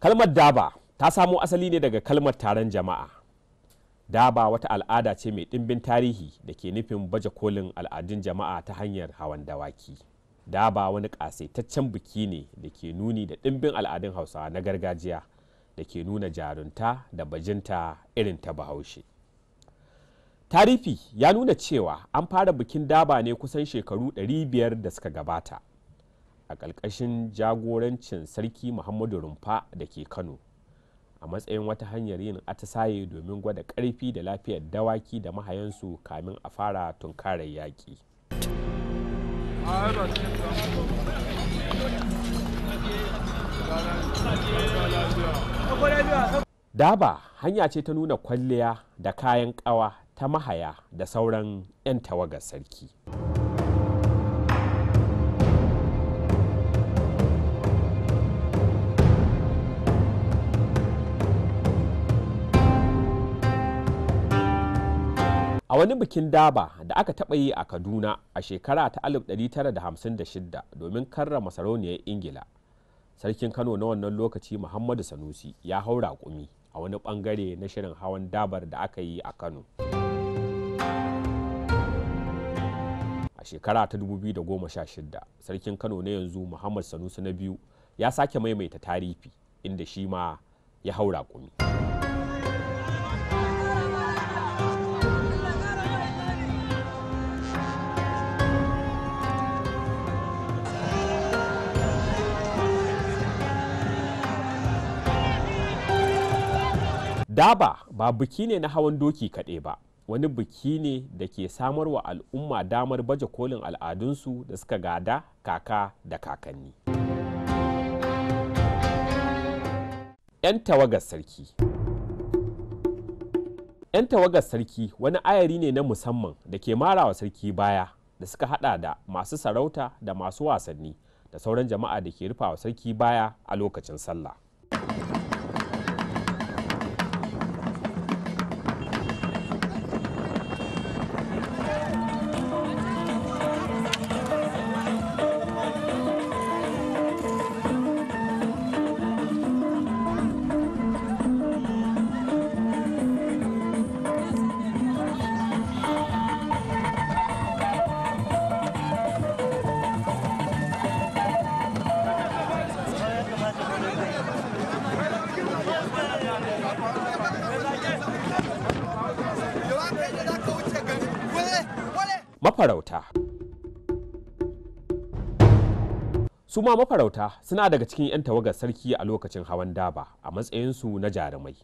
kalmar daba ta samo asali ne daga kalmar taron jama'a daba wata al'ada ce mai ɗimbin tarihi da ke nufin baje kolin al'adun jama'a ta hanyar hawan dawaki daba wani ƙasaitaccen biki ne da ke nuni da ɗimbin al'adun hausawa na gargajiya da ke nuna jarunta da bajinta irin ta bahaushe tarihi ya nuna cewa an fara bikin daba ne kusan shekaru 500 da suka gabata a ƙarƙashin jagorancin sarki muhammadu rumfa da ke kano a matsayin wata hanyar yin atisaye domin gwada ƙarfi da lafiyar dawaki da mahayansu kamin a fara tunkarar yaƙi. Daba hanya ce ta nuna kwalliya da kayan kawa ta mahaya da sauran 'yan tawagar sarki. a wani bikin daba da aka taɓa yi a kaduna a shekara ta 1956 domin karrama sarauniyar ingila sarkin kano na wannan lokaci muhammadu sanusi ya hau raƙumi a wani ɓangare na shirin hawan dabar da aka yi a kano a shekara ta 2016 sarkin kano na yanzu muhammadu sanusi na biyu ya sake maimaita tarihi inda shi ma ya hau raƙumi. daba ba biki ne na hawan doki kaɗai ba wani biki ne da ke samar wa al'umma damar baje kolin al'adunsu da suka gada kaka da kakanni 'yan tawagar sarki 'yan tawagar sarki wani ayari ne na musamman da ke mara wa sarki baya da suka hada da masu sarauta da masu wasanni da sauran jama'a da ke rufa wa sarki baya a lokacin sallah su ma mafarauta suna daga cikin 'yan tawagar sarki a lokacin hawan daba a matsayinsu na jarumai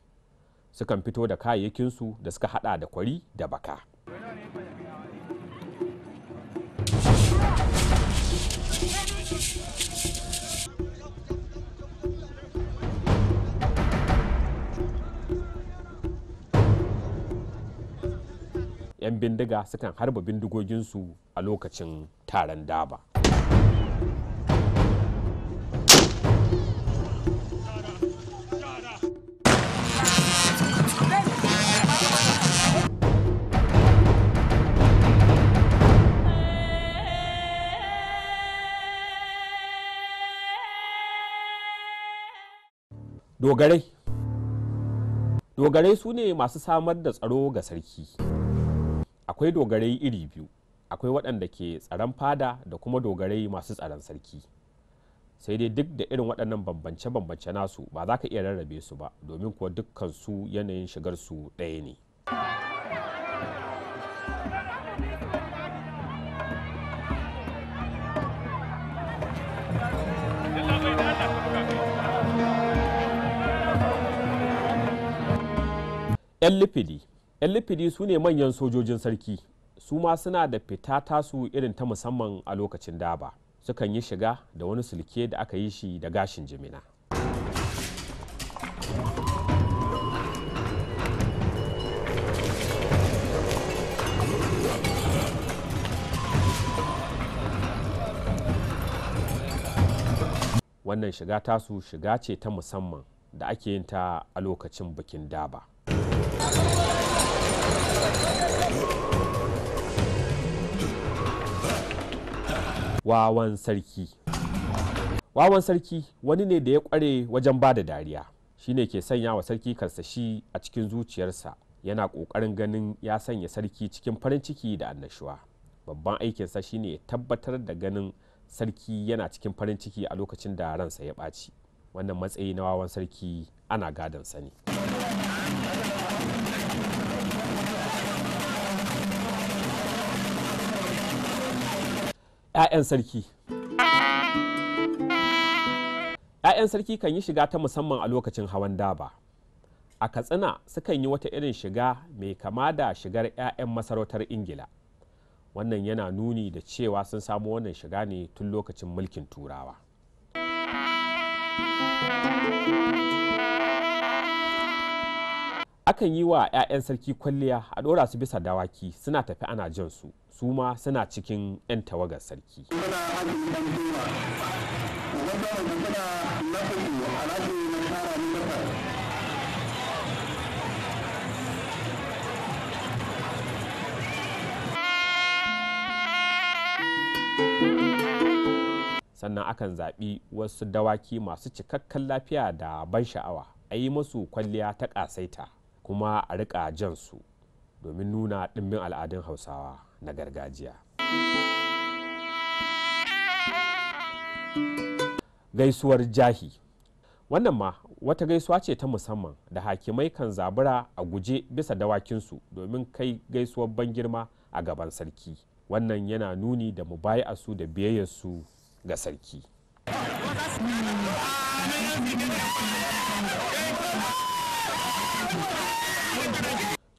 sukan fito da kayayyakinsu da suka hada da kwari da baka yan bindiga sukan harba bindigoginsu a lokacin taron daba dogarai dogarai su ne masu samar da tsaro ga sarki akwai dogarai iri biyu akwai waɗanda ke tsaron fada da kuma dogarai masu tsaron sarki sai dai duk da irin waɗannan bambance-bambance nasu ba za ka iya rarrabe su ba domin kuwa dukkan su yanayin shigar su ɗaya ne 'yan lifidi yan lifidi su ne manyan sojojin sarki su ma suna da fita tasu irin ta musamman a lokacin daba sukan yi shiga da wani sulke da aka yi shi da gashin jimina wannan shiga tasu shiga ce ta musamman da ake yin ta a lokacin bikin daba wawan sarki wawan sarki wani ne da ya kware wajen ba da dariya ne ke sanya wa sarki karsashi a cikin zuciyarsa yana ƙoƙarin ganin ya sanya sarki cikin farin ciki da annashuwa babban aikinsa shine ya tabbatar da ganin sarki yana cikin farin ciki a lokacin da ransa ya ɓaci wannan matsayi na wawan sarki ana gadon sani. 'ya'yan sarki ‘ya'yan sarki kan yi shiga ta musamman a lokacin hawan daba a katsina sukan yi wata irin shiga mai kama da shigar 'ya'yan masarautar ingila wannan yana nuni da cewa sun samu wannan shiga ne tun lokacin mulkin turawa akan yi wa 'ya'yan sarki kwalliya a dora su bisa dawaki suna tafi ana jan su su ma suna cikin 'yan tawagar sarki sannan akan zaɓi wasu dawaki masu cikakken lafiya da ban sha'awa a yi masu kwalliya ta ƙasaita kuma a riƙa jan su domin nuna ɗimbin al'adun hausawa na gargajiya gaisuwar jahi wannan ma wata gaisuwa ce ta musamman da hakimai kan zabura a guje bisa dawakinsu domin kai gaisuwar ban girma a gaban sarki wannan yana nuni da su da biyayyarsu ga sarki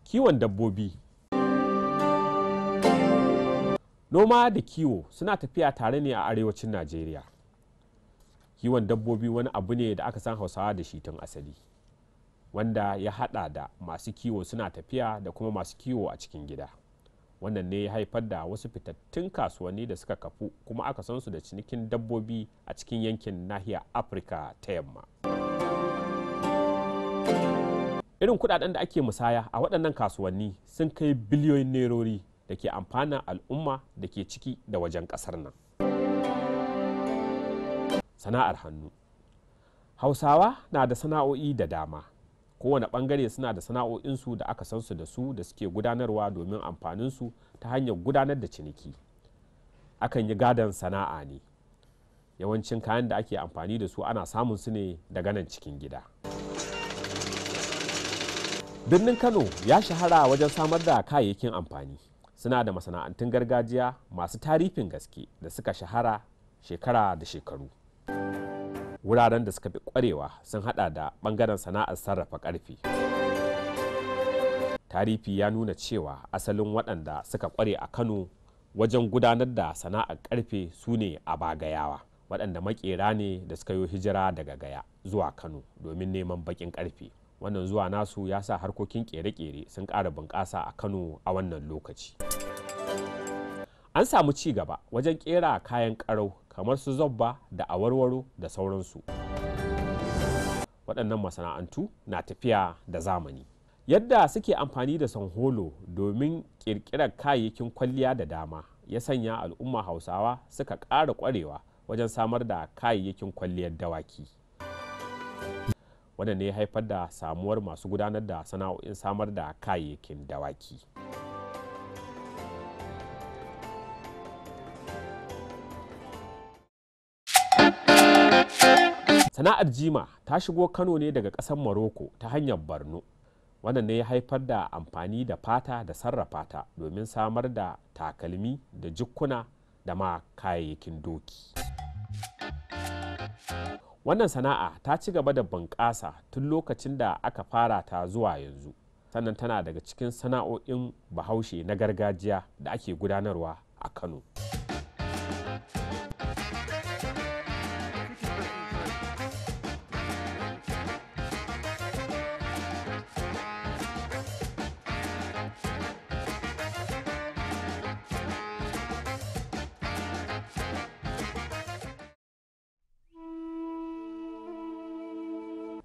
kiwon dabbobi noma da kiwo suna tafiya tare ne a arewacin najeriya kiwon dabbobi wani abu ne da aka san hausawa da shi tun asali wanda ya hada da masu kiwo suna tafiya da kuma masu kiwo a cikin gida wannan ne ya haifar da wasu fitattun kasuwanni da suka kafu kuma aka san su da cinikin dabbobi a cikin yankin nahiyar afirka ta yamma. irin kudaden da ake musaya a waɗannan kasuwanni sun kai biliyoyin nerori da ke amfana al'umma da ke ciki da wajen ƙasar nan sana'ar hannu hausawa na da sana'o'i da dama kowane ɓangare suna da sana'o'insu da aka san su da su da suke gudanarwa domin amfaninsu ta hanyar gudanar da ciniki akan yi gadon sana'a ne yawancin kayan da ake amfani da su ana samun su ne daga nan cikin gida. birnin kano ya shahara wajen samar da kayayyakin amfani suna da masana'antun gargajiya masu tarifin gaske da suka shahara shekara da shekaru wuraren da suka fi kwarewa sun hada da bangaren sana'ar sarrafa karfe tarifi ya nuna cewa asalin waɗanda suka kware a kano wajen gudanar da sana'ar karfe su ne a bagayawa waɗanda makera ne da suka yi hijira daga gaya zuwa kano domin neman baƙin karfe wannan zuwa nasu ya sa harkokin kere-kere sun ƙara bunƙasa a kano a wannan lokaci an samu ci gaba wajen kera kayan karau kamar su zobba da awarwaro da sauransu waɗannan masana'antu na tafiya da zamani yadda suke amfani da sanholo domin ƙirƙirar kayayyakin kwalliya da dama ya sanya al'umma hausawa suka ƙara ƙwarewa wajen samar da kayayyakin kwalliyar dawaki wanda ne haifar da samuwar masu gudanar da sana'o'in samar da kayayyakin dawaki sana'ar jima ta shigo kano ne daga ƙasar morocco ta hanyar barno wannan ne ya haifar da amfani da fata da sarrafa ta domin samar da takalmi da jikkuna da ma kayayyakin doki. wannan sana'a ta ci gaba da bunƙasa tun lokacin da aka fara ta zuwa yanzu sannan tana daga cikin sana'o'in bahaushe na gargajiya da ake gudanarwa a kano.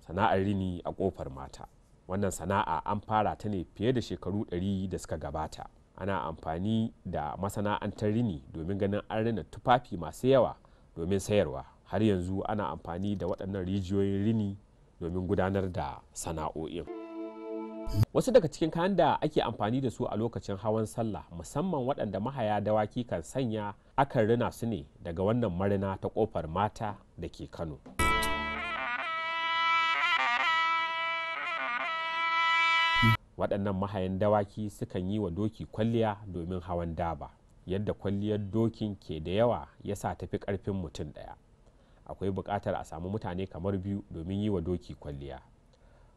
sana'ar rini a kofar mata wannan sana'a an fara ta ne fiye da shekaru 100 da suka gabata ana amfani da masana'antar rini domin ganin an rina tufafi masu yawa domin sayarwa har yanzu ana amfani da waɗannan rijiyoyin rini domin gudanar da sana'o'in wasu daga cikin kayan da ake amfani da su a lokacin hawan sallah musamman waɗanda mahaya dawaki kan sanya akan rina su ne daga wannan marina ta kofar mata da ke kano waɗannan mahayan dawaki sukan yi wa doki kwalliya domin hawan daba yadda kwalliyar dokin ke da yawa ya sa tafi ƙarfin mutum ɗaya akwai buƙatar a samu mutane kamar biyu domin yi wa doki kwalliya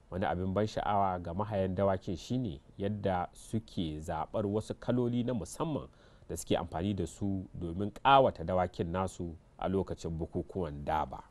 wani abin ban sha'awa ga mahayan dawakin shine yadda suke zaɓar wasu kaloli na musamman da suke amfani da su domin ƙawata dawakin nasu a lokacin bukukuwan daba.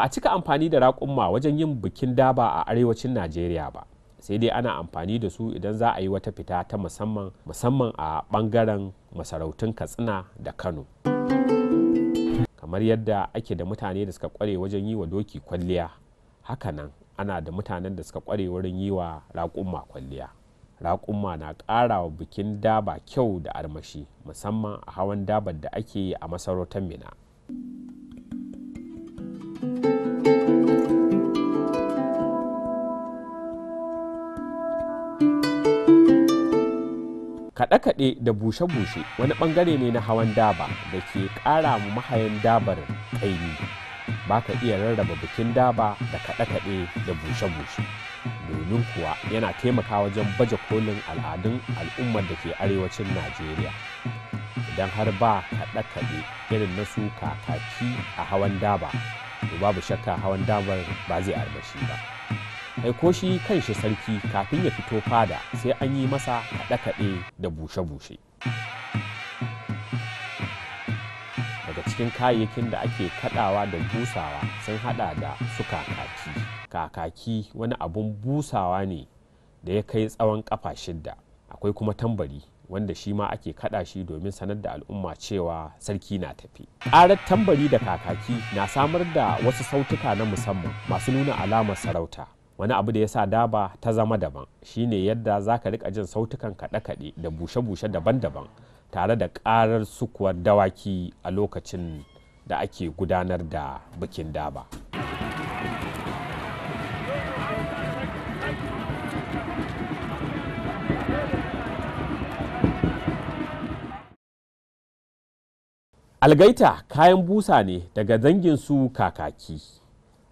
ba a cika amfani da raƙumma wajen yin bikin daba a arewacin najeriya ba sai dai ana amfani da su idan za a yi wata fita ta musamman musamman a ɓangaren masarautun katsina da kano kamar yadda ake da mutane da suka kware wajen yi wa doki kwalliya hakanan ana da mutanen da suka kware wurin yi wa raƙumma kwalliya raƙumma na ƙara wa bikin daba kyau da armashi musamman a hawan dabar da ake yi a masarautar mina kaɗe-kaɗe da bushe-bushe wani ɓangare ne na hawan daba da ke ƙara mu mahayan dabar ƙaimi ba ka iya rarraba bikin daba da kaɗe-kaɗe da bushe-bushe domin kuwa yana taimaka wajen baje kolin al'adun al'ummar da ke arewacin najeriya idan har ba kaɗe-kaɗe irin na su kakaki a hawan daba to babu shakka hawan dabar ba zai armashi ba shi kan shi sarki kafin ya fito fada sai an yi masa kaɗe-kaɗe da bushe-bushe daga cikin kayayyakin da ake kaɗawa da busawa sun haɗa da su kakaki kakaki wani abun busawa ne da ya kai tsawon ƙafa shidda akwai kuma tambari wanda shi ma ake kaɗa shi domin sanar da al'umma cewa sarki na tafi. Ƙarar tambari da kakaki na samar da wasu sautuka na musamman masu nuna alamar sarauta wani abu da ya sa daba ta zama daban shine yadda za ka rika jin sautukan kaɗe-kaɗe da bushe-bushe daban-daban tare da ƙarar sukuwar dawaki a lokacin da ake gudanar da bikin daba. algaita kayan busa ne daga dangin su kakaki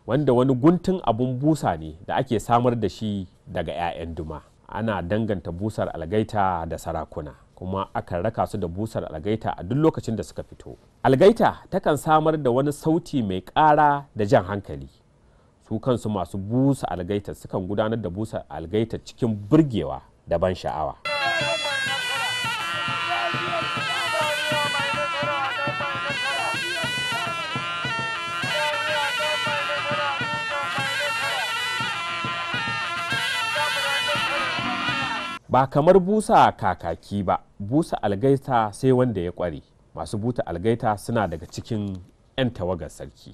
wanda wani guntun abun busa ne da ake samar da shi daga 'ya'yan duma ana danganta busar algaita da sarakuna kuma akan raka su da busar algaita a duk lokacin da suka fito algaita takan samar da wani sauti mai ƙara da jan hankali su kansu masu busa algaita sukan gudanar da busa algaita cikin burgewa da ban sha'awa. ba kamar busa kakaki ba busa algaita sai wanda ya kware masu buta algaita suna daga cikin 'yan tawagar sarki.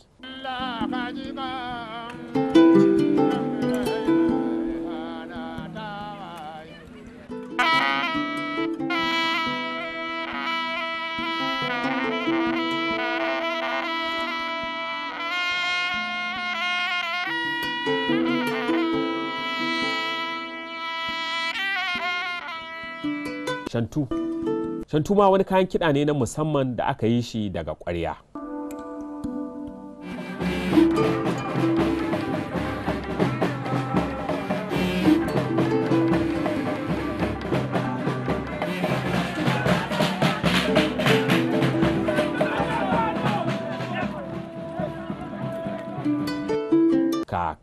shantu shantu ma wani kayan kiɗa ne na musamman da aka yi shi daga ƙwarya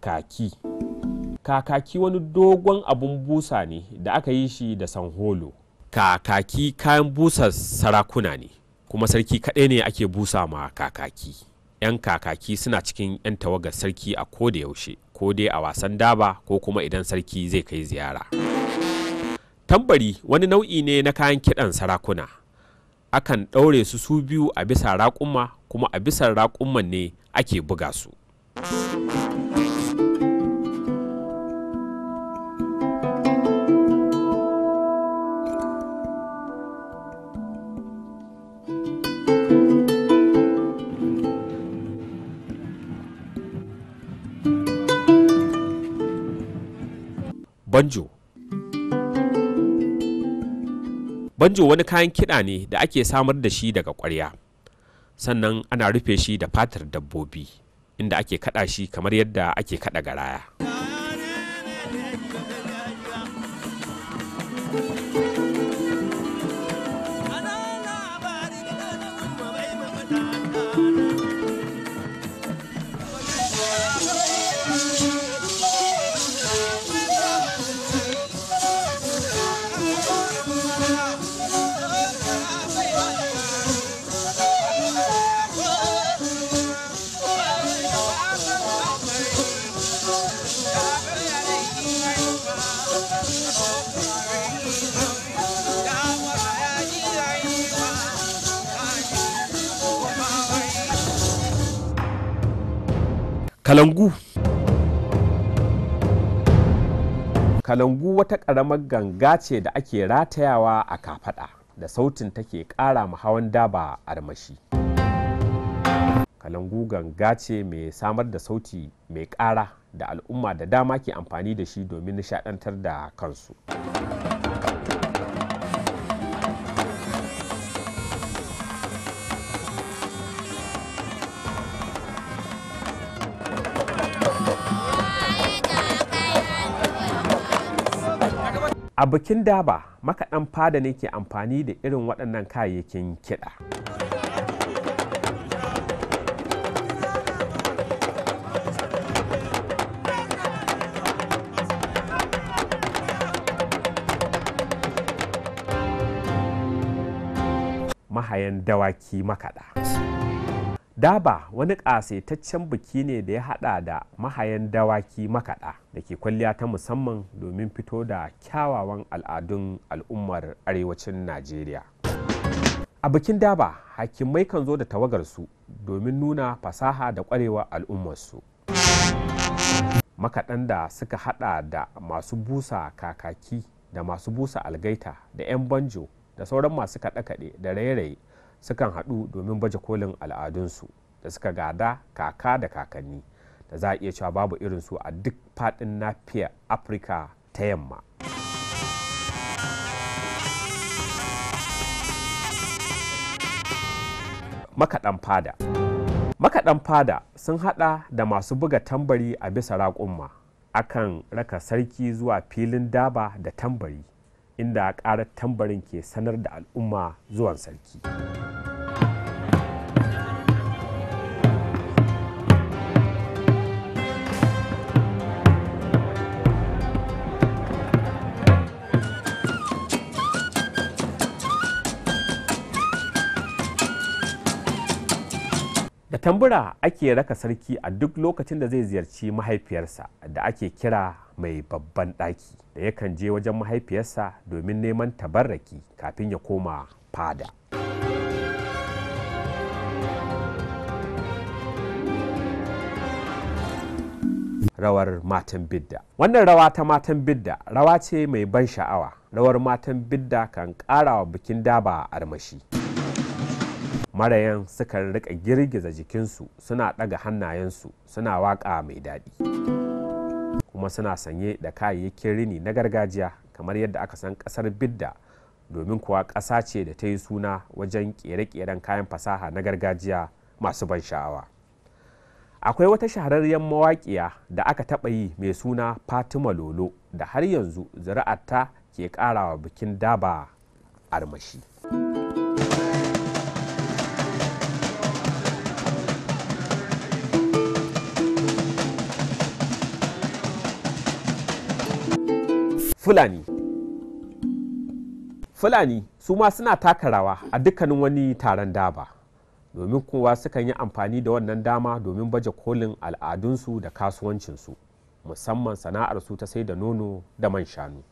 kakaki kakaki wani dogon abun busa ne da aka yi shi da sanholo kakaki kayan busa sarakuna ne kuma sarki kaɗai ne ake busa ma kakaki 'yan kakaki suna cikin 'yan tawagar sarki a ko da yaushe ko dai a wasan daba ko kuma idan sarki zai kai ziyara tambari wani nau'i ne na kayan kiɗan sarakuna akan ɗaure su su biyu a bisa raƙuma kuma a bisa raƙuman ne ake buga su banjo banjo wani kayan kiɗa ne da ake samar da shi daga ƙwarya sannan ana rufe shi da fatar dabbobi inda ake kaɗa shi kamar yadda ake kaɗa garaya kalangu kalangu wata ƙaramar ganga ce da ake ratayawa a kafaɗa da sautin take ƙara ma hawan daba armashi kalangu ganga ce mai samar da sauti mai ƙara da al'umma da dama ke amfani da shi domin nishaɗantar da kansu a bikin daba makaɗan fada ne ke amfani da irin waɗannan kayayyakin kiɗa mahayan dawaki makaɗa. daba wani ƙasaitaccen biki ne da ya haɗa da mahayan dawaki makaɗa da ke kwalliya ta musamman domin fito da kyawawan al'adun al'ummar arewacin najeriya a bikin daba hakimai kan zo da tawagarsu domin nuna fasaha da ƙwarewar al'ummarsu makaɗan da suka haɗa da masu busa kakaki da masu busa algaita da 'yan banjo da sauran masu kaɗe-kaɗe da raye-raye sukan haɗu domin baje kolin al'adunsu da suka gada kaka da kakanni da za a iya cewa babu irinsu a duk faɗin nafiyar afirka ta yamma makaɗan fada makaɗan fada sun haɗa da masu buga tambari a bisa raƙumma akan raka sarki zuwa filin daba da tambari inda ƙarar tambarin ke sanar da al'umma zuwan sarki. da tambura ake raka sarki a duk lokacin da zai ziyarci mahaifiyarsa da ake kira mai babban ɗaki da yakan je wajen mahaifiyarsa domin neman tabarraki kafin ya koma fada. rawar matan bidda wannan rawa ta matan bidda rawa ce mai ban sha'awa rawar matan bidda kan ƙara wa bikin daba armashi. marayan sukan rika girgiza jikinsu suna ɗaga hannayensu suna waƙa mai daɗi kuma suna sanye da kayayyakin rini na gargajiya kamar yadda aka san ƙasar bidda domin kuwa ƙasa ce da ta yi suna wajen ƙere-ƙeren kayan fasaha na gargajiya masu ban sha'awa akwai wata shahararren mawaƙiya da aka taɓa yi mai suna fatima lolo da har yanzu zuri'arta ke ƙarawa bikin daba armashi fulani fulani su ma suna taka rawa a dukkanin wani taron daba domin kowa sukan yi amfani da wannan dama domin baje kolin al'adunsu da kasuwancinsu musamman sana'arsu ta sai da nono da man shanu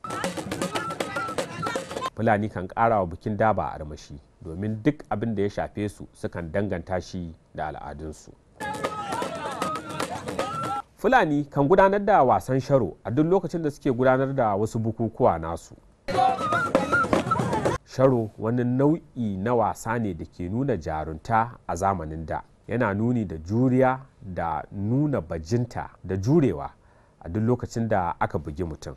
fulani kan ƙara wa bikin daba armashi domin duk abin da ya shafe su sukan danganta shi da al'adunsu fulani kan gudanar da wasan sharo a duk lokacin da suke gudanar da wasu bukukuwa nasu sharo wani nau'i na wasa ne da ke nuna jarunta a zamanin da yana nuni da juriya da nuna bajinta da jurewa a duk lokacin da aka bugi mutum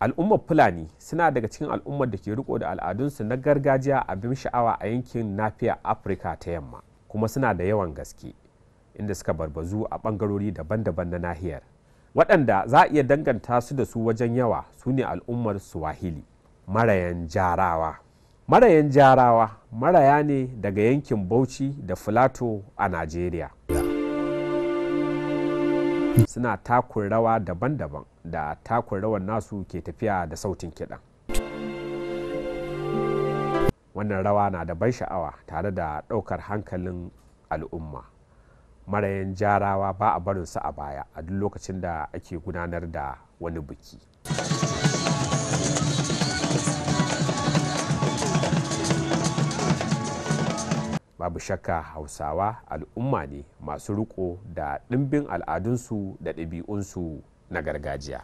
al'ummar fulani suna daga cikin al'ummar da ke riko da al'adunsu na gargajiya abin sha'awa a yankin nafiya afirka ta yamma kuma suna da yawan gaske inda suka barbazu a bangarori daban-daban na nahiyar waɗanda za a iya danganta su da su wajen yawa su ne al'ummar swahili marayan jarawa marayan jarawa maraya ne daga yankin bauchi da filato a nigeria. suna takun rawa daban-daban da takun rawan nasu ke tafiya da sautin kiɗan wannan rawa na da ban sha'awa tare da ɗaukar hankalin al'umma marayan jarawa ba a barin su a baya a duk lokacin da ake gudanar da wani biki babu shakka hausawa al'umma ne masu riko da ɗimbin al'adunsu da ɗabi'unsu na gargajiya.